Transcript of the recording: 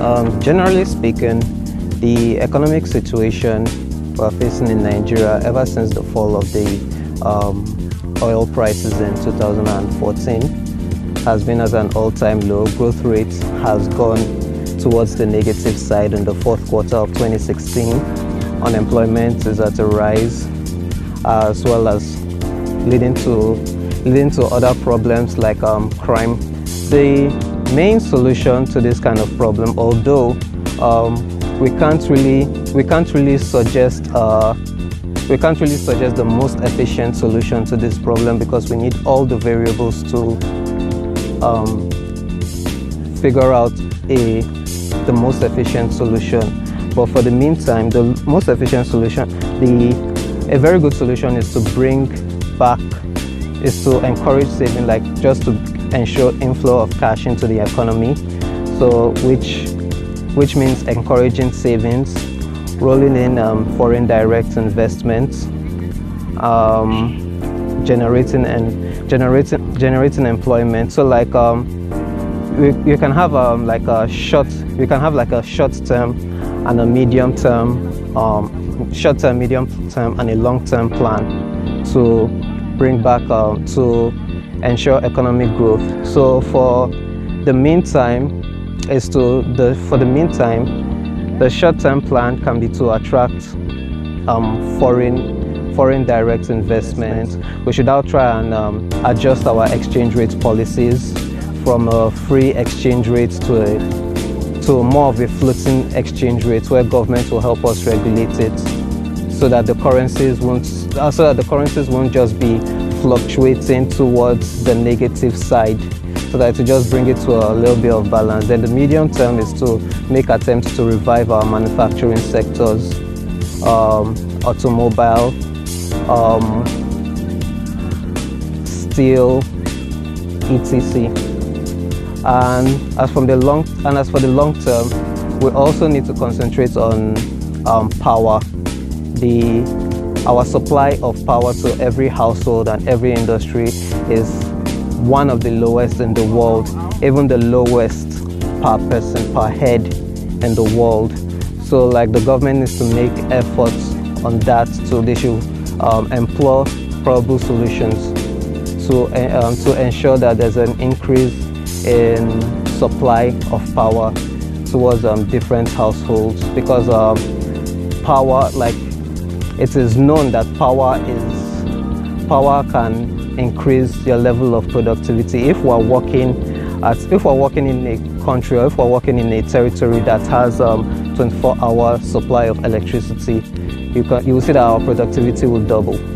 Um, generally speaking, the economic situation we're facing in Nigeria ever since the fall of the um, oil prices in 2014 has been at an all-time low. Growth rate has gone towards the negative side in the fourth quarter of 2016. Unemployment is at a rise as well as leading to leading to other problems like um, crime. The main solution to this kind of problem, although um, we can't really we can't really suggest uh, we can't really suggest the most efficient solution to this problem because we need all the variables to um, figure out a the most efficient solution. But for the meantime, the most efficient solution, the a very good solution is to bring back is to encourage saving, like just to ensure inflow of cash into the economy, so which, which means encouraging savings, rolling in um, foreign direct investments, um, generating and generating generating employment. So like um, we, you can have um, like a short you can have like a short term and a medium term um, short term, medium term, and a long term plan to bring back um, to ensure economic growth. So for the meantime, is to the for the meantime, the short-term plan can be to attract um, foreign foreign direct investment. We should now try and um, adjust our exchange rate policies from a free exchange rate to a to more of a floating exchange rate where government will help us regulate it so that the currencies won't uh, so that the currencies won't just be fluctuating towards the negative side so that to just bring it to a little bit of balance. Then the medium term is to make attempts to revive our manufacturing sectors, um, automobile, um, steel, etc. And as from the long and as for the long term, we also need to concentrate on um, power, the our supply of power to every household and every industry is one of the lowest in the world, even the lowest per person, per head in the world. So like the government needs to make efforts on that so they should um, employ probable solutions to, uh, um, to ensure that there's an increase in supply of power towards um, different households because um, power like it is known that power is power can increase your level of productivity if we're working at, if we're working in a country or if we're working in a territory that has um, 24 hour supply of electricity you can you will see that our productivity will double